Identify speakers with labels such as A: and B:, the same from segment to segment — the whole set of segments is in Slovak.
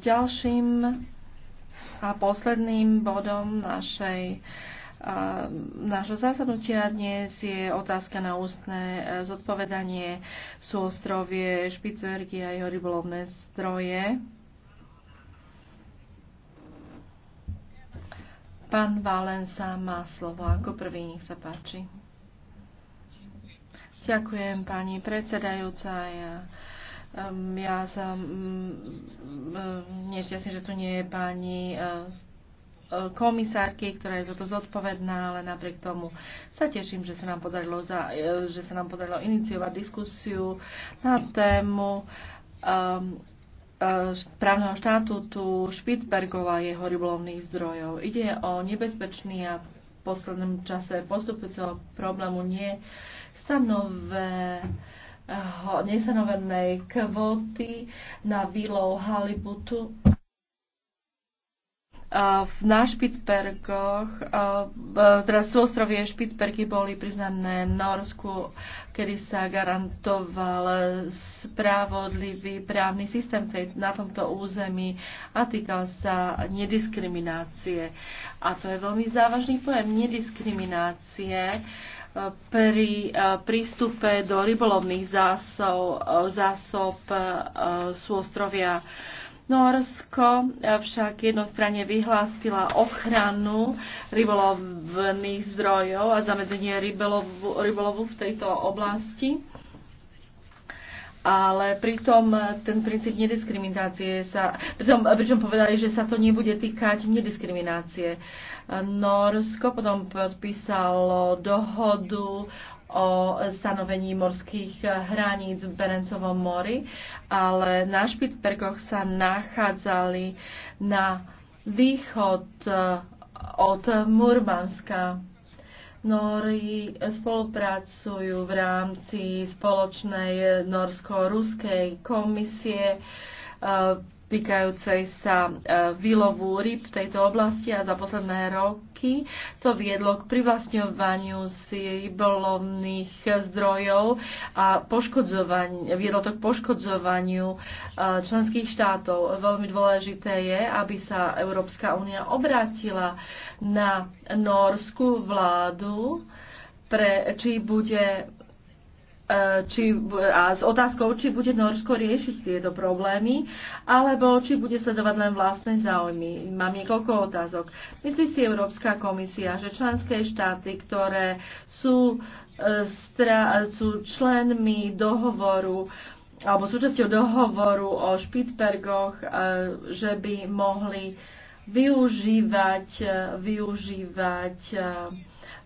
A: Ďalším a posledným bodom našej nášho zasadnutia dnes je otázka na ústne zodpovedanie sú ostrovie Špicvergy a jeho rybolovné zdroje. Pán Valensa má slovo ako prvý, nech sa páči. Ďakujem, pani predsedajúca. Ja Ehm, ja som mm, mm, nešťastný, že tu nie je pani eh, eh, komisárky, ktorá je za to zodpovedná, ale napriek tomu sa teším, že sa nám podarilo, za, eh, že sa nám podarilo iniciovať diskusiu na tému um, právneho štatútu Špicbergova a jeho rybolovných zdrojov. Ide o nebezpečný a v poslednom čase postupujúceho problému nie stanové uh, nestanovenej kvóty na výlov halibutu na Špicbergoch, v teda ostrovie Špicbergy boli priznané Norsku, kedy sa garantoval spravodlivý právny systém na tomto území a týkal sa nediskriminácie. A to je veľmi závažný pojem nediskriminácie. Uh, pri e, prístupe do rybolovných zásob, zásob sú e, ostrovia Norsko však jednostranne vyhlásila ochranu rybolovných zdrojov a zamedzenie rybolovu, rybolovu v tejto oblasti ale pritom eh, ten princíp nediskriminácie sa, pritom, eh, pričom povedali, že sa to nebude týkať nediskriminácie. Eh, Norsko potom podpísalo dohodu o stanovení morských hraníc v Berencovom mori, ale na Špicbergoch sa nachádzali na východ od Murmanska Nóri spolupracujú v rámci spoločnej norsko-ruskej komisie týkajúcej sa e, výlovu ryb v tejto oblasti a za posledné roky to viedlo k privlastňovaniu si rybolovných zdrojov a viedlo to k poškodzovaniu e, členských štátov. Veľmi dôležité je, aby sa Európska únia obrátila na norskú vládu, pre, či bude E, či, a s otázkou, či bude Norsko riešiť tieto problémy, alebo či bude sledovať len vlastné záujmy. Mám niekoľko otázok. Myslí si Európska komisia, že členské štáty, ktoré sú, e, stra, sú členmi dohovoru alebo súčasťou dohovoru o Špicbergoch, e, že by mohli využívať, využívať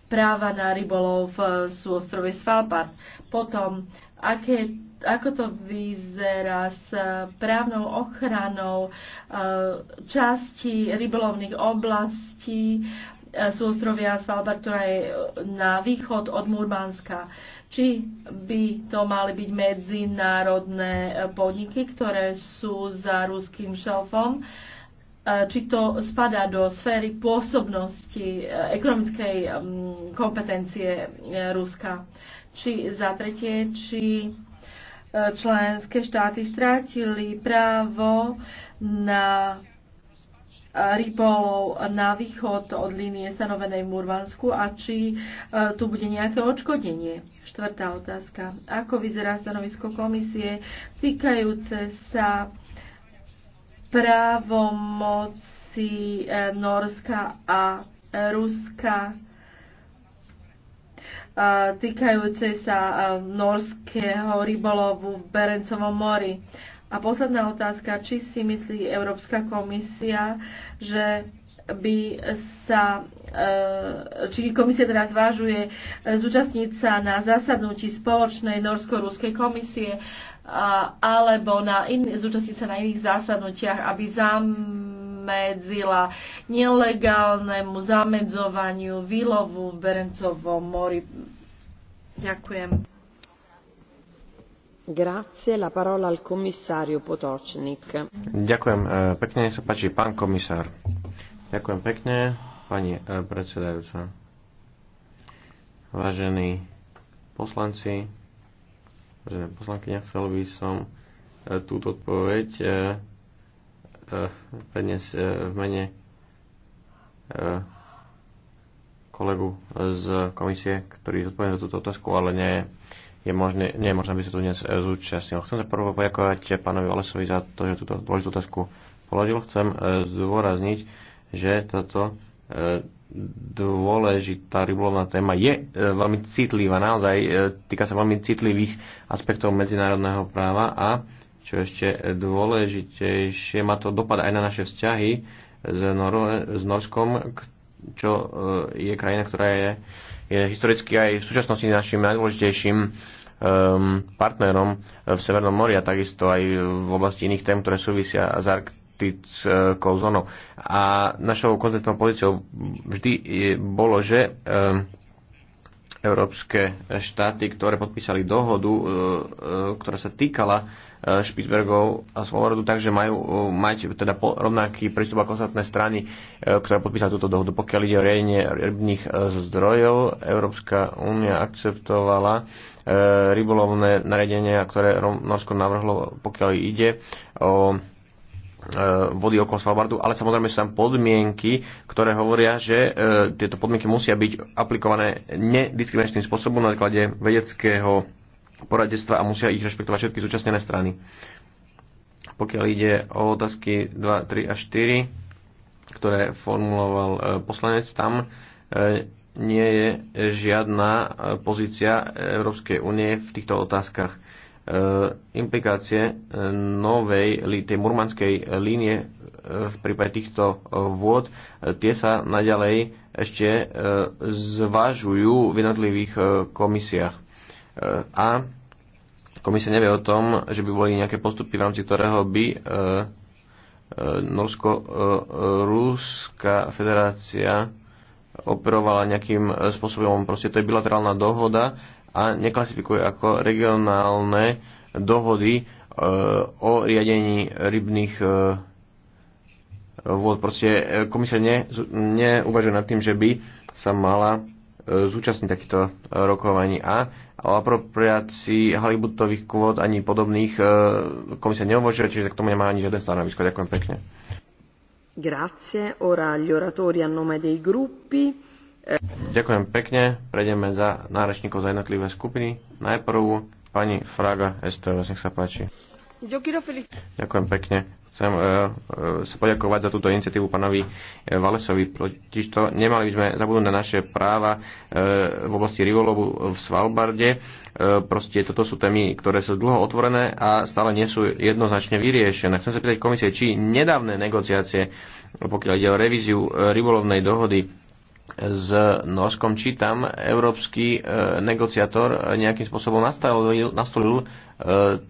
A: práva na rybolov e, sú ostrove Svalbard. Potom, aké, ako to vyzerá s e, právnou ochranou e, časti rybolovných oblastí súostrovia Svalbard, ktorá je na východ od Murmanska. Či by to mali byť medzinárodné podniky, ktoré sú za ruským šelfom, E, či to spadá do sféry pôsobnosti e, ekonomickej kompetencie e, Ruska. Či za tretie, či členské štáty strátili právo na rybolov na východ od línie stanovenej v Murvansku a či tu bude nejaké odškodenie. Štvrtá otázka. Ako vyzerá stanovisko komisie týkajúce sa právomoci e, Norska a Ruska e, týkajúce sa e, norského rybolovu v Berencovom mori. A posledná otázka, či si myslí Európska komisia, že by sa, či komisia teraz zvážuje zúčastniť sa na zasadnutí spoločnej norsko-ruskej komisie alebo na in, zúčastniť sa na iných zásadnutiach, aby zamedzila nelegálnemu zamedzovaniu výlovu v Berencovom mori. Ďakujem. Grazie, la parola al commissario Potočnik.
B: Ďakujem e, pekne, nech sa páči, pán komisár. Ďakujem pekne, pani e, predsedajúca. Vážení poslanci, že poslankyňa, chcel by som e, túto odpoveď e, e, prednes v mene kolegu z komisie, ktorý zodpovedal za túto otázku, ale nie je, je možné, nie je možné, aby sa tu dnes zúčastnil. Chcem sa prvo poďakovať pánovi Valesovi za to, že túto dôležitú otázku položil. Chcem zdôrazniť, že táto dôležitá rybolovná téma je e, veľmi citlivá, naozaj e, týka sa veľmi citlivých aspektov medzinárodného práva a čo ešte dôležitejšie, má to dopad aj na naše vzťahy s, Nor- s Norskom, čo e, je krajina, ktorá je, je historicky aj v súčasnosti našim najdôležitejším um, partnerom v Severnom mori a takisto aj v oblasti iných tém, ktoré súvisia s Arktídou politickou zónou. A našou konzistentnou pozíciou vždy bolo, že ehm, európske štáty, ktoré podpísali dohodu, e, e, ktorá sa týkala e, Špitsbergov a Svobodu, takže majú mať teda rovnaký prístup ako ostatné strany, ktoré podpísali túto dohodu. Pokiaľ ide o riadenie rybných zdrojov, Európska únia akceptovala rybolovné nariadenia, ktoré Norsko navrhlo, pokiaľ ide o E, vody okolo Svalbardu, ale samozrejme sú tam podmienky, ktoré hovoria, že e, tieto podmienky musia byť aplikované nediskriminačným spôsobom na základe vedeckého poradenstva a musia ich rešpektovať všetky zúčastnené strany. Pokiaľ ide o otázky 2, 3 a 4, ktoré formuloval e, poslanec, tam nie je žiadna pozícia Európskej únie v týchto otázkach Eh, implikácie eh, novej tej murmanskej línie eh, v prípade týchto vôd, tie sa naďalej ešte zvažujú v jednotlivých komisiách. A komisia nevie o tom, že by boli nejaké postupy, v rámci ktorého by Norsko-Ruská federácia operovala nejakým spôsobom. Proste to je bilaterálna dohoda a neklasifikuje ako regionálne dohody e, o riadení rybných e, vôd. Proste e, komisia ne, neuvažuje nad tým, že by sa mala zúčastniť takýchto rokovaní a o apropriácii halibutových kvót ani podobných komisia neuvažuje, čiže k tomu nemá ani žiaden stanovisko. Ďakujem pekne.
A: Grazie. Ora gli oratori a nome dei gruppi.
B: Ďakujem pekne. Prejdeme za náračníkov za jednotlivé skupiny. Najprv pani Fraga STV, nech sa páči.
C: Ďakujem
B: pekne. Chcem e, e, sa poďakovať za túto iniciatívu pánovi e, Valesovi. Totiž to nemali by sme zabudnúť na naše práva e, v oblasti rivolovu v Svalbarde. E, proste toto sú témy, ktoré sú dlho otvorené a stále nie sú jednoznačne vyriešené. Chcem sa pýtať komisie, či nedávne negociácie, pokiaľ ide o revíziu e, rivolovnej dohody s Norskom, či tam európsky e, negociátor nejakým spôsobom nastolil, nastolil e,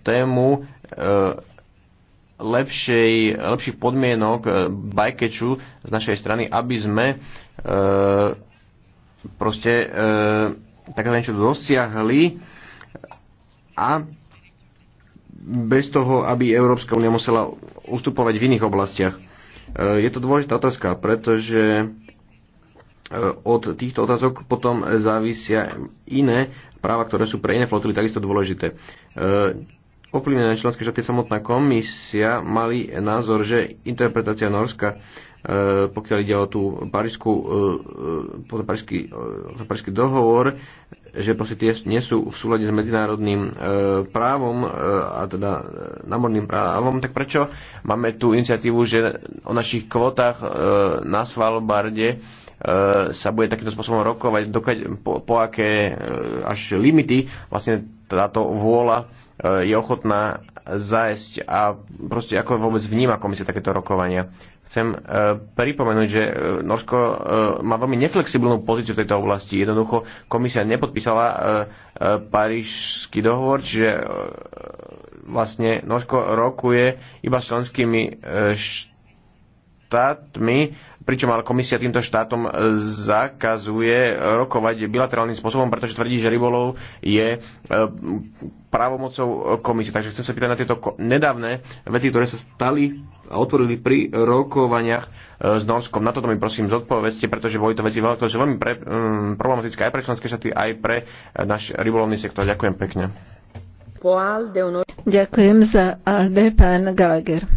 B: tému e, lepšej, lepších podmienok bajkeču z našej strany, aby sme e, proste e, také niečo dosiahli a bez toho, aby Európska únia musela ustupovať v iných oblastiach. E, je to dôležitá otázka, pretože E, od týchto otázok potom závisia iné práva, ktoré sú pre iné flotily takisto dôležité. E, ovplyvnené členské štáty samotná komisia mali názor, že interpretácia Norska e, pokiaľ ide o tú parížskú, parížský, parížský dohovor, že proste tie nie sú v súlade s medzinárodným právom a teda námorným právom, tak prečo máme tú iniciatívu, že o našich kvotách na Svalbarde E, sa bude takýmto spôsobom rokovať, dokaď, po, po aké e, až limity vlastne táto vôľa e, je ochotná zájsť a proste ako vôbec vníma komisia takéto rokovania. Chcem e, pripomenúť, že Norsko e, má veľmi neflexibilnú pozíciu v tejto oblasti. Jednoducho komisia nepodpísala e, e, parížský dohovor, čiže e, vlastne Norsko rokuje iba s členskými e, št- štátmi, pričom ale komisia týmto štátom e, zakazuje rokovať bilaterálnym spôsobom, pretože tvrdí, že rybolov je e, právomocou komisie. Takže chcem sa pýtať na tieto nedávne veci, ktoré sa stali a otvorili pri rokovaniach e, s Norskom. Na toto mi prosím zodpovedzte, pretože boli to veci veľmi, to, veľmi pre, um, problematické aj pre členské štáty, aj pre náš rybolovný sektor. Ďakujem pekne.
C: Ďakujem za Alde, pán Gallagher.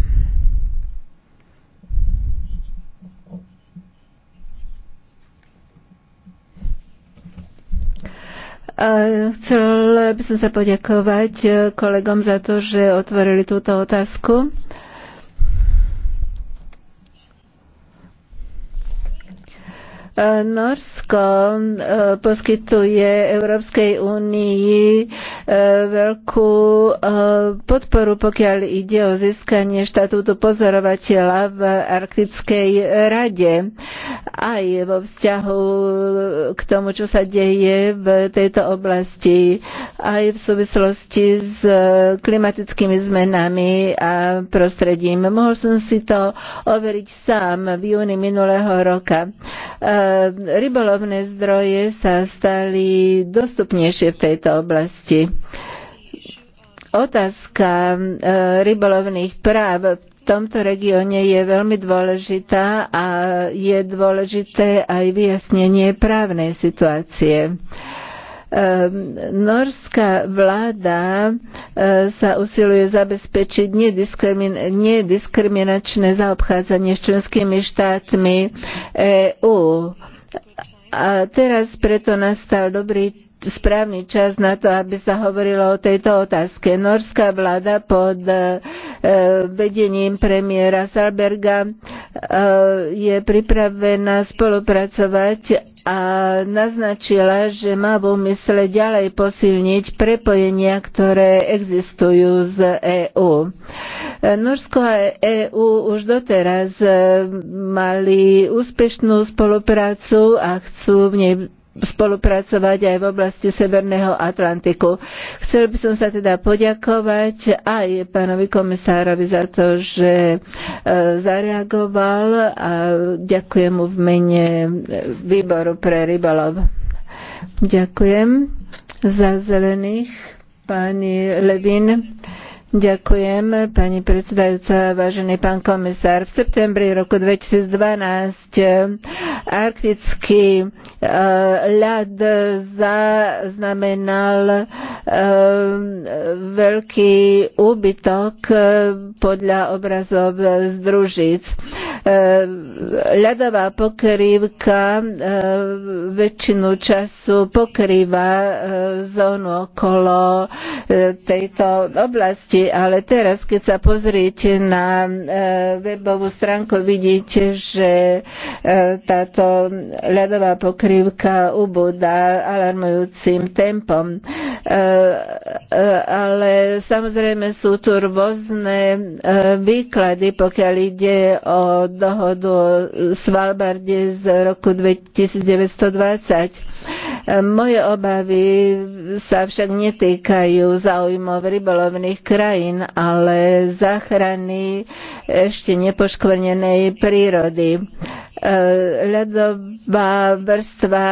C: Eh, chcel by som sa poďakovať eh, kolegom za to, že otvorili túto otázku. Norsko e, poskytuje Európskej únii e, veľkú e, podporu, pokiaľ ide o získanie štatútu pozorovateľa v Arktickej rade. Aj vo vzťahu k tomu, čo sa deje v tejto oblasti, aj v súvislosti s klimatickými zmenami a prostredím. Mohol som si to overiť sám v júni minulého roka. E, rybolovné zdroje sa stali dostupnejšie v tejto oblasti. Otázka e, rybolovných práv v tomto regióne je veľmi dôležitá a je dôležité aj vyjasnenie právnej situácie. Ehm, norská vláda e, sa usiluje zabezpečiť nediskriminačné zaobchádzanie s členskými štátmi EÚ. A teraz preto nastal dobrý správny čas na to, aby sa hovorilo o tejto otázke. Norská vláda pod e, vedením premiéra Salberga Eh, je pripravená spolupracovať a naznačila, že má v úmysle ďalej posilniť prepojenia, ktoré existujú z EÚ. Eh, Norsko a EÚ už doteraz eh, mali úspešnú spoluprácu a chcú v nej spolupracovať aj v oblasti Severného Atlantiku. Chcel by som sa teda poďakovať aj pánovi komisárovi za to, že e, zareagoval a ďakujem mu v mene výboru pre rybolov. Ďakujem za zelených, pani Levin. Ďakujem, pani predsedajúca, vážený pán komisár. V septembri roku 2012 eh, arktický eh, ľad zaznamenal eh, veľký úbytok podľa obrazov z družíc. Eh, ľadová pokrývka eh, väčšinu času pokrýva eh, zónu okolo tejto oblasti, ale teraz, keď sa pozriete na webovú stránku, vidíte, že táto ľadová pokrývka ubúda alarmujúcim tempom. Ale samozrejme sú tu rôzne výklady, pokiaľ ide o dohodu o Svalbarde z roku 1920. Moje obavy sa však netýkajú záujmov rybolovných krajín, ale záchrany ešte nepoškvrnenej prírody Eh, ľadová vrstva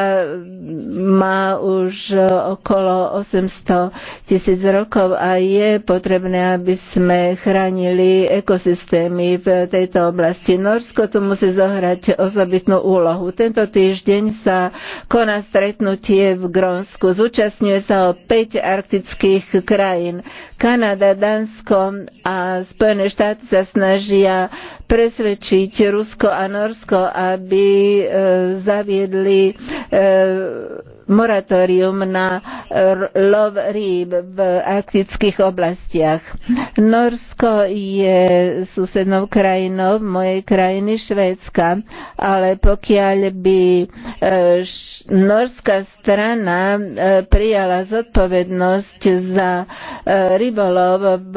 C: má už okolo 800 tisíc rokov a je potrebné, aby sme chránili ekosystémy v tejto oblasti. Norsko tu musí zohrať osobitnú úlohu. Tento týždeň sa koná stretnutie v Grónsku. Zúčastňuje sa o 5 arktických krajín. Kanada, Dánsko a Spojené štáty sa snažia presvedčiť Rusko a Norsko, aby e, zaviedli e, moratórium na lov rýb v arktických oblastiach. Norsko je susednou krajinou mojej krajiny Švédska, ale pokiaľ by e, norská strana e, prijala zodpovednosť za e, rybolov v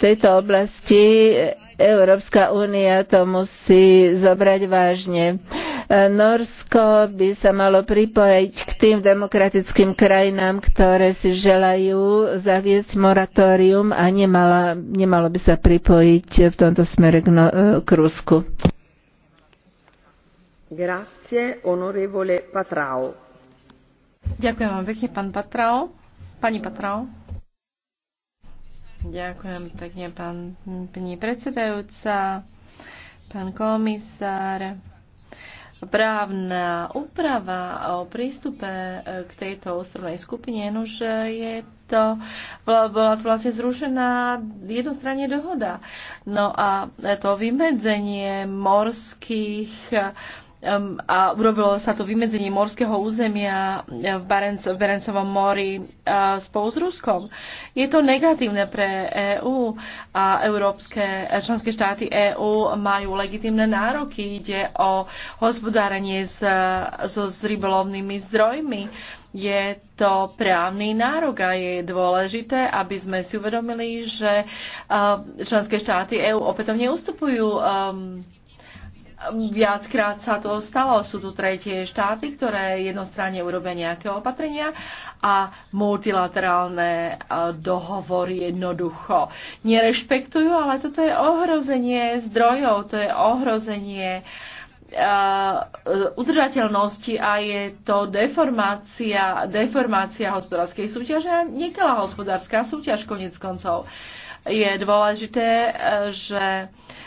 C: tejto oblasti, Európska únia to musí zobrať vážne. Norsko by sa malo pripojiť k tým demokratickým krajinám, ktoré si želajú zaviesť moratórium a nemala, nemalo by sa pripojiť v tomto smere k, no, k Rusku.
A: Grazie, onorevole Patrao. Ďakujem vám pekne, pán Patrao. Pani Patrao. Ďakujem pekne, pán, pani predsedajúca, pán komisár. Právna úprava o prístupe e, k tejto ostrovnej skupine, že je to, bola to vlastne zrušená jednostranne dohoda. No a to vymedzenie morských a urobilo sa to vymedzenie morského územia e, v, Barenc, v Berencovom mori e, spolu s Ruskom. Je to negatívne pre EÚ a európske e, členské štáty EÚ majú legitimné nároky. Ide o hospodárenie s, so, s rybolovnými zdrojmi. Je to právny nárok a je dôležité, aby sme si uvedomili, že členské štáty EÚ opätovne ustupujú Viackrát sa to stalo. Sú tu tretie štáty, ktoré jednostranne urobia nejaké opatrenia a multilaterálne e, dohovory jednoducho nerešpektujú, ale toto je ohrozenie zdrojov, to je ohrozenie e, udržateľnosti a je to deformácia, deformácia hospodárskej súťaže a nekalá hospodárska súťaž konec koncov. Uh, je dôležité, e, že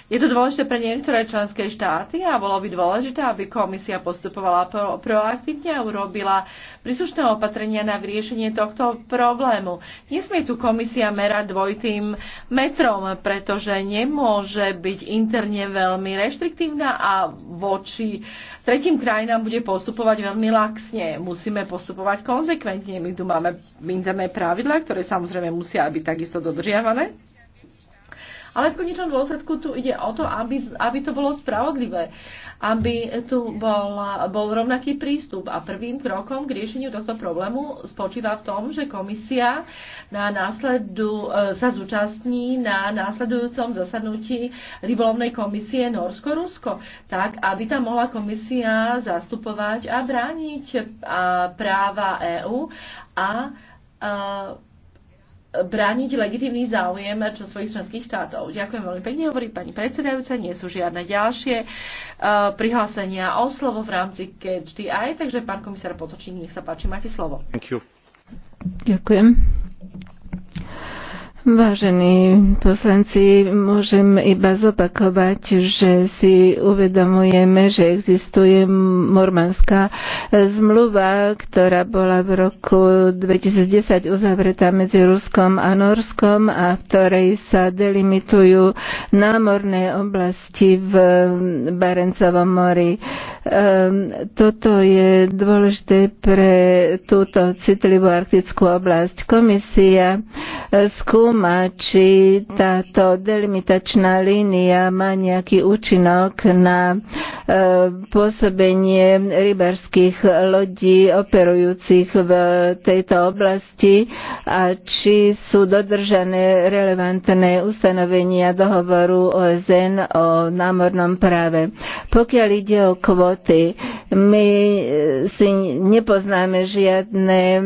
A: je to dôležité pre niektoré členské štáty a bolo by dôležité, aby komisia postupovala pro, proaktívne a urobila príslušné opatrenia na vyriešenie tohto problému. Nesmie tu komisia merať dvojitým metrom, pretože nemôže byť interne veľmi reštriktívna a voči tretím krajinám bude postupovať veľmi laxne. Musíme postupovať konzekventne. My tu máme interné pravidlá, ktoré samozrejme musia byť takisto dodržiavané ale v konečnom dôsledku tu ide o to, aby, aby to bolo spravodlivé, aby tu bol, bol rovnaký prístup. A prvým krokom k riešeniu tohto problému spočíva v tom, že komisia na následu, e, sa zúčastní na následujúcom zasadnutí rybolovnej komisie Norsko-Rusko, tak aby tam mohla komisia zastupovať a brániť e, práva EÚ a, a e, brániť legitímny záujem čo svojich členských štátov. Ďakujem veľmi pekne, hovorí pani predsedajúca. Nie sú žiadne ďalšie uh, prihlásenia o slovo v rámci KHDI, takže pán komisár Potočník, nech sa páči, máte slovo.
B: Ďakujem.
C: Vážení poslanci, môžem iba zopakovať, že si uvedomujeme, že existuje mormanská zmluva, ktorá bola v roku 2010 uzavretá medzi Ruskom a Norskom a v ktorej sa delimitujú námorné oblasti v Barencovom mori Ehm, toto je dôležité pre túto citlivú arktickú oblasť. Komisia e, skúma, či táto delimitačná línia má nejaký účinok na e, pôsobenie rybarských lodí operujúcich v tejto oblasti a či sú dodržané relevantné ustanovenia dohovoru OSN o námornom práve. Pokiaľ ide o kvóty, hodnoty. My eh, si nepoznáme žiadne eh,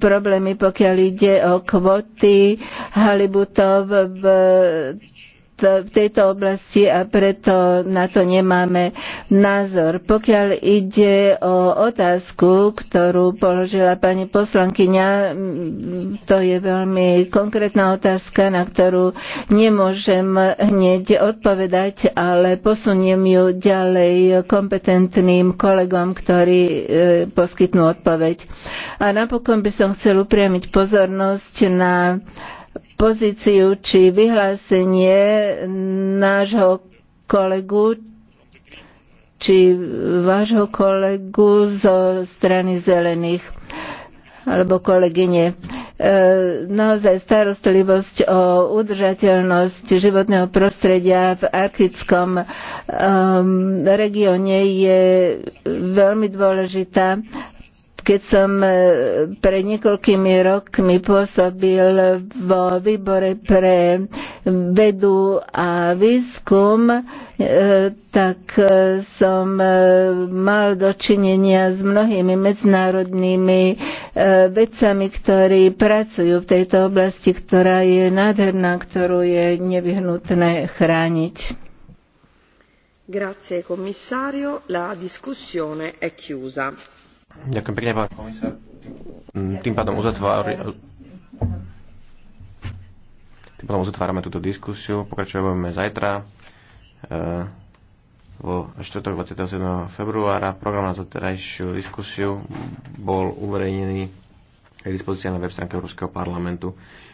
C: problémy, pokiaľ ide o kvoty halibutov v v tejto oblasti a preto na to nemáme názor. Pokiaľ ide o otázku, ktorú položila pani poslankyňa, to je veľmi konkrétna otázka, na ktorú nemôžem hneď odpovedať, ale posuniem ju ďalej kompetentným kolegom, ktorí e, poskytnú odpoveď. A napokon by som chcel upriamiť pozornosť na pozíciu či vyhlásenie nášho kolegu či vášho kolegu zo strany zelených alebo kolegyne. E, naozaj starostlivosť o udržateľnosť životného prostredia v arktickom um, regióne je veľmi dôležitá keď som e, pre niekoľkými rokmi pôsobil vo výbore pre vedu a výskum, e, tak e, som mal dočinenia s mnohými medzinárodnými vedcami, ktorí pracujú v tejto oblasti, ktorá je nádherná, ktorú je nevyhnutné chrániť.
A: Grazie commissario, la discussione è chiusa.
B: Ďakujem pekne, pán komisár. Tým pádom uzatvárame tým pádom uzatvárame túto diskusiu. Pokračujeme zajtra eh, vo štvrtok 27. februára. Program na zaterajšiu diskusiu bol uverejnený k dispozícii na web stránke Európskeho parlamentu.